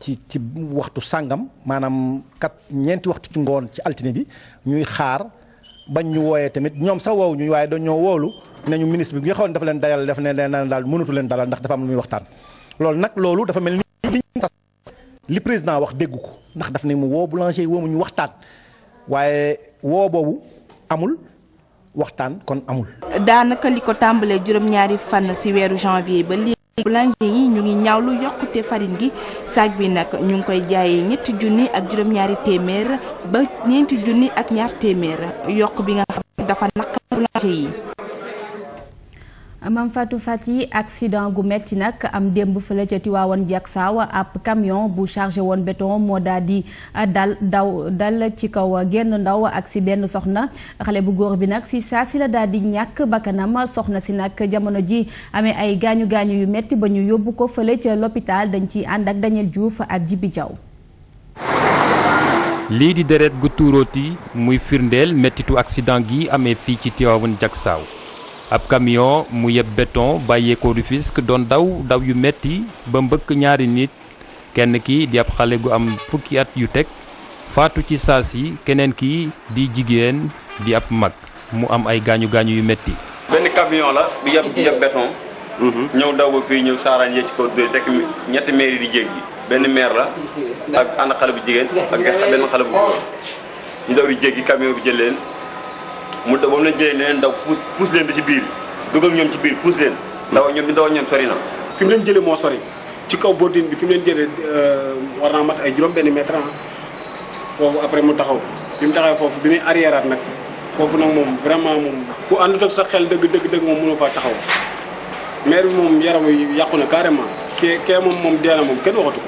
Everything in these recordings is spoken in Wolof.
ci ci waxtu sàngam maanaam kat ñeenti waxtu ci ngoon ci altine bi ñuy xaar bañ ñu wooyee tamit ñoom sax woowu ñu waaye dañoo woolu ñu ministre bi nga xam ne dafa leen dayal daf ne leen daal mënatu leen dalal ndax dafa am lu muy waxtaan loolu nag loolu dafa mel ni li président wax dégg ko ndax daf ne mu woo boulanger woo mu ñu waxtaan waaye woo boobu amul waxtaan kon amul. daanaka li ko tàmbalee juróom-ñaari fan ci weeru janvier ba boulanger yi ñu ngi ñaawlu te farin gi saag bi nag ñu ngi koy jaayee ñetti junni ak juróom-ñaari téeméer ba ñeenti junni ak ñaar téeméer yokk bi nga xam dafa naqar boulanger yi Maam Fatou Fati accident gu metti nag am démb fële ca Tiwaawan jak ab camion bu chargé woon béton moo daal di ah, dal daw dal ci kaw génn ndaw ak ci benn soxna xale bu góor bi nag ci saa si la daal di ñàkk bakkanam soxna si nag jamono ji amee ay gaañu gaañu yu metti ba ñu yóbbu ko fële ca l'hôpital dañ ci ànd ak Daniel Diouf ak Jibi Diaw lii gu tuurooti muy firndeel mettitu gi amee fii ci ab camion mu yeb béton du fisk don daw daw yu metti ba mbeuk ñaari nit kenn ki di ab xalé gu am fukki at yu tek fatu ci sasi kenen ki di jigen di ab mag mu am ay gañu gañu yu metti ben camion la bi yeb yeb béton mhm. ñew daw ba fi ñew saaraan ye ci ko dóor tek ñetti maire yi di jéggi ben maire la ak ànd xalé bu jigen ak ben xalé bu ñu daw di jéggi camion bi jël len mu da moom lañ nee ne leen daw puus puus leen bi ci biir dugal ñoom ci biir puus leen ndaw ñoom bi ndaw ñoom sori na fi mu leen jëlee moo sori ci kaw bordine bi fi mu leen jëlee euh, war naa mat ay juróom benn mètre ah foofu après mu taxaw bi mu taxaw foofu bi muy arriéraat nag foofu nag moom vraiment moom ku àndut ak sa xel dëgg dëgg moom munu faa taxaw maire bi moom yaram yi yàqu na carrément kee kee moom moom dee na moom kenn waxatu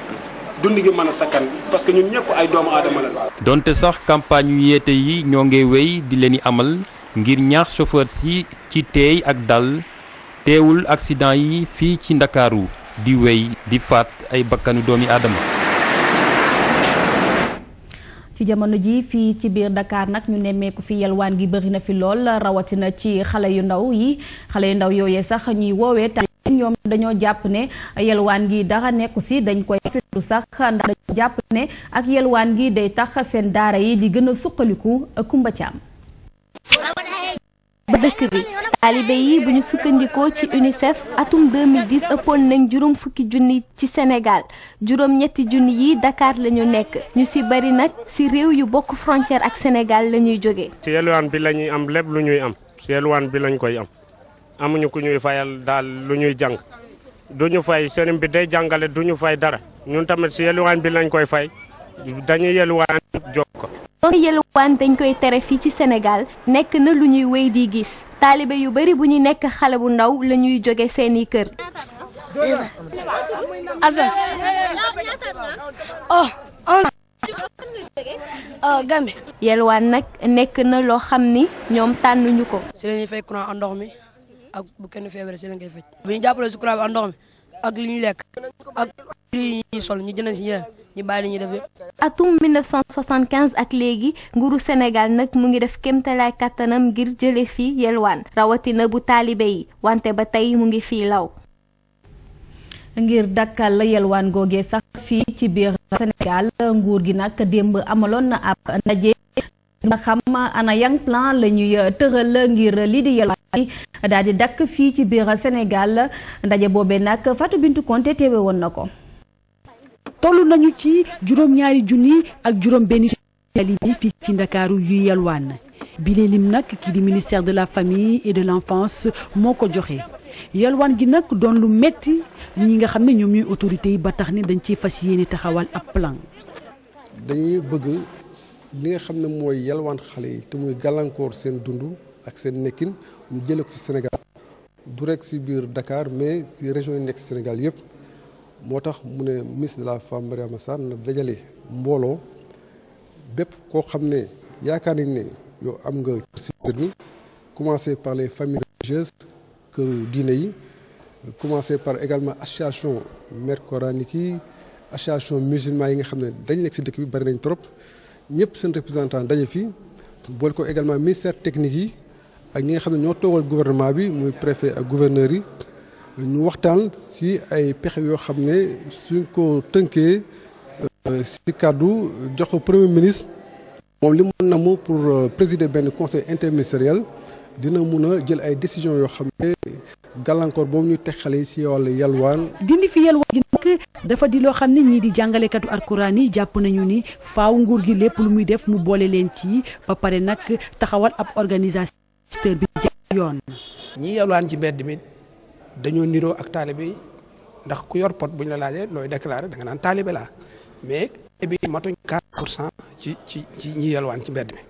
dund gi mën a sakkan parce que ñun ñëpp ay doomu aadama la. donte sax campagne yu yeete yi ñoo ngi wéy di leen i amal ngir ñaax chauffeur si ci teey ak dal teewul accident yi fii ci ndakaaru di wéy di faat ay bakkanu doomi aadama. ci jamono ji fii ci biir ndakaar nag ñu nemmeeku fi yalwaan gi bëri na fi lool rawatina ci xale yu ndaw yi xale yu ndaw yooyee sax ñuy woowee ñoom dañoo jàpp ne yelwaan gi dara nekku ci dañ koy fetlu sax ndax jàpp ne ak yelwaan gi day tax seen daara yi di gën a suqaliku uh, Kumba Caam ba dëkk bi taalibe yi bu ñu sukkandikoo ci UNICEF atum 2010 ëppoon nañ juróom fukki junni ci senegal juróom ñetti junni yi Dakar lañu nekk ñu si bari nag si réew yu bokk frontière ak senegal lañuy jóge si yelwaan bi lañuy am lépp lu ñuy am si yelwaan bi lañ koy am amuñu ku ñuy fayal daal lu ñuy jàng du ñu fay sëriñ bi day jàngale du ñu fay dara ñun tamit yelwaan bi lañ koy fay dañuy yelwaan jox ko. loolu yelwaan dañ koy tere fii ci Sénégal nekk na lu ñuy wéy di gis taalibe yu bari bu ñu nekk xale bu ndaw la ñuy jóge seeni kër. Azal. oh. oh. oh yelwaan nag nekk na loo xam ni ñoom tànnuñu ko. ndox mi. ak bu kenn feebaree si lañ koy faj bu ñu jàppalee sukkuraay bi ak ak li ñu ak prix yi sol ñu jënd si yeneen ñu bàyyi li def atum 1975 ak léegi nguuru Sénégal nag mu ngi def kéemtalaay kàttanam ngir rawatina bu taalibe yi wante ba tey mu ngi fii law ngir dakkal yelwaan googee sax fii ci biir Sénégal nguur gi nag démb amalon na ab ndaje nga xam ana yang plan la ñuy tëral ngir lii di dadi dak fi ci biir Sénégal ndaje bobé nak Fatou Bintou Konté teewe woon tolu ko. nañu ci juróom-ñaari djuni ak juróom béni tali bi ci ndakaaru yu yalwaan bi lim ki di ministère de la famille et de l'enfance moko joxé joxe gi nak doon lu metti ñi nga xamné ñom ñoom autorité ba tax ne dañ ci fas yéene taxawal ap plan. dañuy bëgg li nga xamné moy xalé muy ak sen nekkine nous sommes au Sénégal Nous rek Dakar mais la région Sénégal ministre de la femme Mariama qui a am nga commencé par les familles religieuses que diiné yi commencé par également association Mère coranique association musulman yi nga xamné dañ ci dëkk bi bari nañ trop ñëpp représentant fi ko également ministère technique yi ak ñi nga xam ne ñoo toogal gouvernement bi muy préfet ak gouverneur yi ñu waxtaan ci ay pexe yoo xam ne suñ ko tënkee euh, ci kàddu jox premier ministre moom li mu namu pour euh, présider benn conseil interministériel dina mun a jël ay décision yoo xam ne gàllankoor boobu ñu teg xale yi ci wàllu yalwaan. dindi fi yalwaan ji nag dafa di loo xam ne ñii di jàngalekatu alxuraan yi jàpp nañu ni faaw nguur gi lépp lu muy def mu boole leen ci ba pare nag taxawal ab organisation. ministère bi yoon ñi yalwaan ci mbedd mi dañoo niroo ak taalibe yi ndax ku yor pot bu ñu la laaje looy déclaré da nga naan taalibe laa mais taalibe yi matuñ pour cent ci ci ci ñi yalwaan ci mbedd mi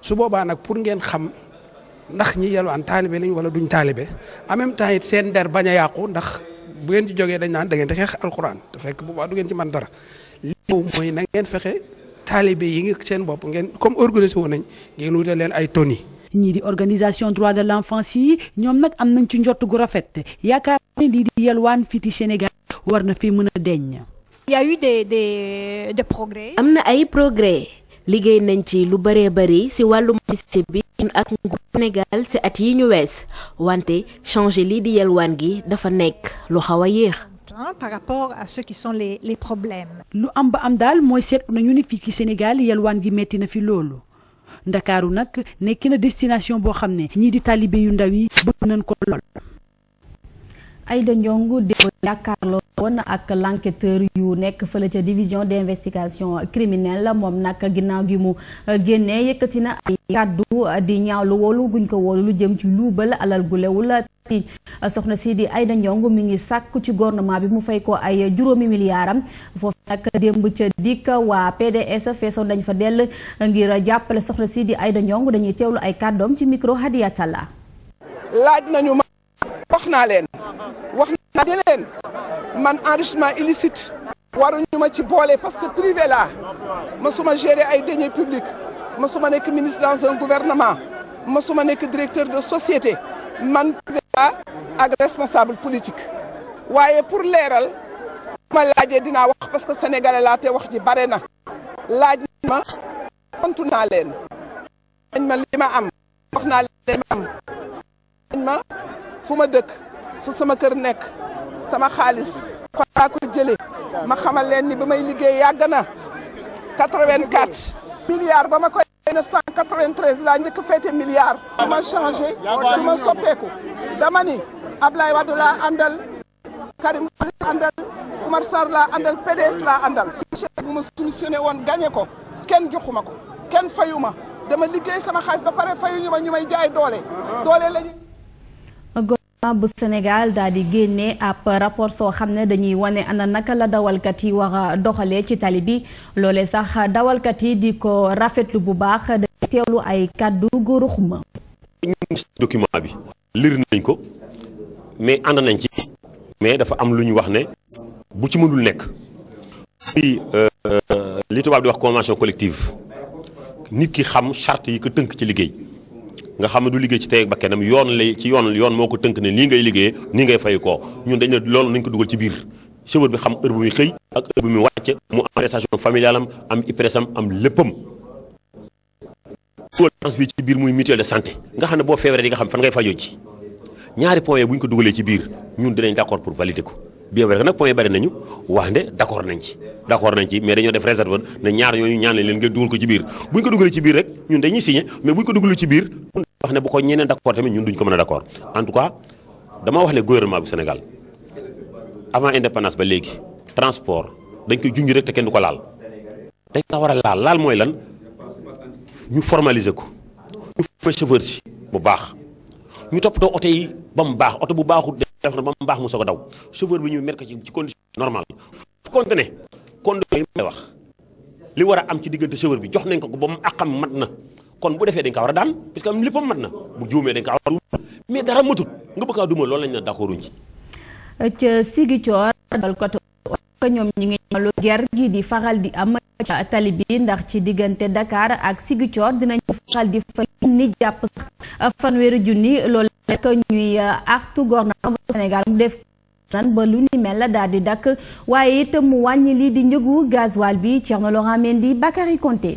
su boobaa nag pour ngeen xam ndax ñi yalwaan taalibe lañ wala duñ taalibe en même temps it seen der bañ yàqu ndax bu ngeen ci jógee dañ naan da ngeen di xeex alxuraan te fekk boobaa du ngeen ci mën dara li mooy na ngeen fexe taalibe yi nga seen bopp ngeen comme organisé wu nañ ngeen wutal leen ay toni ñii di organisation droit de l'enfance yi ñoom nag am nañ ci njort gu rafet yaaka ne lii di yalwaan fii ci Sénégal war na fi mëna a deñ y a eu des des des progrès. amna ay progrès liggéey nañ ci lu bëree bëri ci walu lycée bi ak nguur Sénégal ci at yi ñu wess wanté changer li di yalwaan gi dafa nekk lu xawa a hein, par rapport à ceux qui sont les les problèmes. lu am ba am daal mooy seetlu nañu ni fii Sénégal yalwaan gi metti na fi loolu. ndakaaru nag nekk na destination boo xam ne ñii di taalibe yu ndaw yi bëgg nañ ko lool. Aïda Ndiongue woon ak l'enquêteur yu nekk fële ca division d'investigation criminelle moom nag ginnaaw gi mu génnee yëkkati na ay kàddu di ñaawlu woolu guñ ko woolu lu jëm ci luubal alal gu lewul ti soxna si di Aïda Ndiongue mi ngi sàkk ci gouvernement bi mu fay ko ay juróomi miliyaaram foofu nag démb ca dikk waa PDS feesoon dañ fa dell ngir jàppale soxna si di Aïda Ndiongue dañuy teewlu ay kàddoom ci micro Hadia Talla laaj nañu ma wax naa leen Je suis man enrichissement illicite waruñu ma ci bolé parce que privé la ma suma gérer ay deniers publics ma suma ministre dans un gouvernement ma suma directeur de société man privé la responsable politique waaye pour l'air, ma suis parce que sénégalais est là wax di Baréna. na laaj ma tontu naa leen ma li ma am Je suis leen ma am dañ dëkk kër sama xaalis falaa ko jëlee ma xamal leen ni ba may liggéey yàgg na 84 milliards ba ma koy 1993 laa njëkk féete milliard du ma changé du ma soppeeku dama ni Ablaye Wade laa àndal Karim laa àndal Oumar Sarr laa àndal PDS laa àndal chef ma soumissionné woon gagné ko kenn joxuma ko kenn fayu ma dama liggéey sama xaalis ba pare fayuñu ma ñu may jaay doole doole lañu bu senegaal daal di génnee ab rapport soo xam ne dañuy wane ana naka la dawalkat yi war a doxalee ci tali bi loole sax dawalkat yi di ko rafetlu bu baax dañuy teewlu ay kàddu gu ruxuma document bi lire ko mais ànd nañ ci dafa am lu ñu wax ne bu ci mënul nekk li euh, li tubaab di wax convention collective nit ki xam charte yi ko tënk ci liggéey nga xam ne du liggéey ci tey ak bakkanam yoon lay ci yoon yoon moo ko tënk ne lii ngay liggéeyee nii ngay fay koo ñun dañ ne loolu nañ ko dugal ci biir chauffeur bi xam heure bu muy xëy ak heure bu muy wàcc mu am prestation familiale am am IPRES am am léppam assurance bi ci biir muy mutuelle de santé nga xam ne boo feebaree di nga xam fan ngay fajoo ci ñaari points bu ñu ko dugalee ci biir ñun dinañ d'accord pour valider ko bien vrai que nag point yi nañu wax ne d' accord nañ ci d' nañ ci mais dañoo def réserve ne ñaar yooyu ñaan leen ngeen dugal ko ci biir bu ñu ko dugalee ci biir rek ñun dañuy signé mais bu ñu ko dugalee ci biir wax ne bu ko ñeneen d' tamit ñun duñ ko mën a d' accord dama wax ne gouvernement bu Sénégal avant indépendance ba léegi transport dañ koy junj rek te kenn du ko laal dañ ko war a laal laal mooy lan ñu formaliser ko ñu si bu baax ñu toppatoo auto yi ba mu baax oto bu baaxul def na ba mu baax mu soog daw chauffeur bi ñu mer ko ci condition normal compte ne condition yi may wax li wara am ci digënté chauffeur bi jox nañ ko bam ba matna kon bu defee dañ ka wara daan parce que am léppam bu juumee dañ ka war mais dara matut nga bëgg duma loolu lañ la d'accordu ci ci sigi coor dal ko ñom ñi ngi lu ger gi di faral di am tali bi ndax ci diggante Dakar ak Ziguinchor dinañ faral di fay ni jàpp sax fanweeri junni loolu rek ñuy artu gouvernement bu Sénégal mu def nan ba lu ni mel la dal di dakk waaye itam mu wàññi lii di njëgu gasoil bi Thierno Laurent Mendy Bakary Konté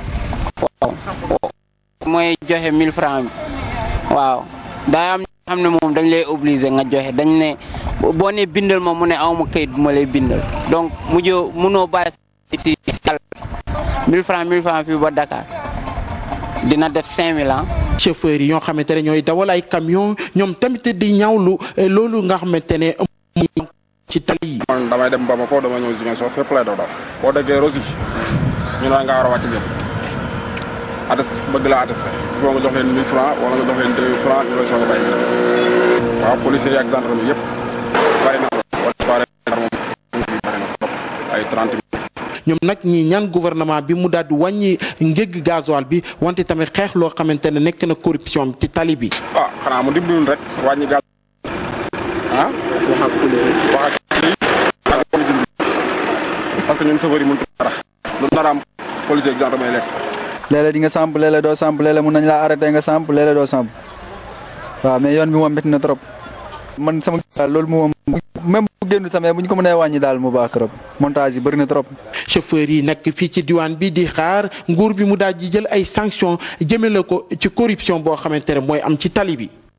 mooy joxe mille francs bi waaw daa am ñoo xam ne moom dañ lay obligé nga joxe dañ ne boo ne bindal moom mu ne awma kayit bu ma lay bindal donc mu jo mënoo bàyyi si si àll mille francs mille francs fii ba Dakar dina def cinq mille ans chauffeurs yi ñoo xamante ne ñooy dawal ay camion ñoom tamit di ñaawlu eh, loolu nga xamante ne ci tali yi man damay dem Bamako dama ñëw Ziguinchor fépp lay daw daw boo déggee rosi ñu ne nga war a wàcc attesté bëgg laa attesté foo nga jox leen 1000 a bàyyi waaw policiers yi na ñoom nag ñi ñaan gouvernement bi mu daal di wàññi njëgg gasoil bi wante tamit xeex loo xamante ne nekk na corruption bi ci tali bi. ah xanaa mu dimbaluñ rek wàññi gasoil ah? parce que ñun safari mënut dara lu nar am policier ak gendarme léeg-léeg di nga samp léeg doo samp léeg-léeg mun nañ laa arrêté nga samp léeg-léeg doo samp waaw mais yoon bi moom métti na trop man sama loolu moom même bu génn sama bu ko mënee wàññi daal mu baax trop montage yi bëri na trop. chauffeur yi nekk fii ci diwaan bi di xaar nguur bi mu daal di jël ay sanctions jëmale ko ci corruption boo xamante ne mooy am ci tali bi.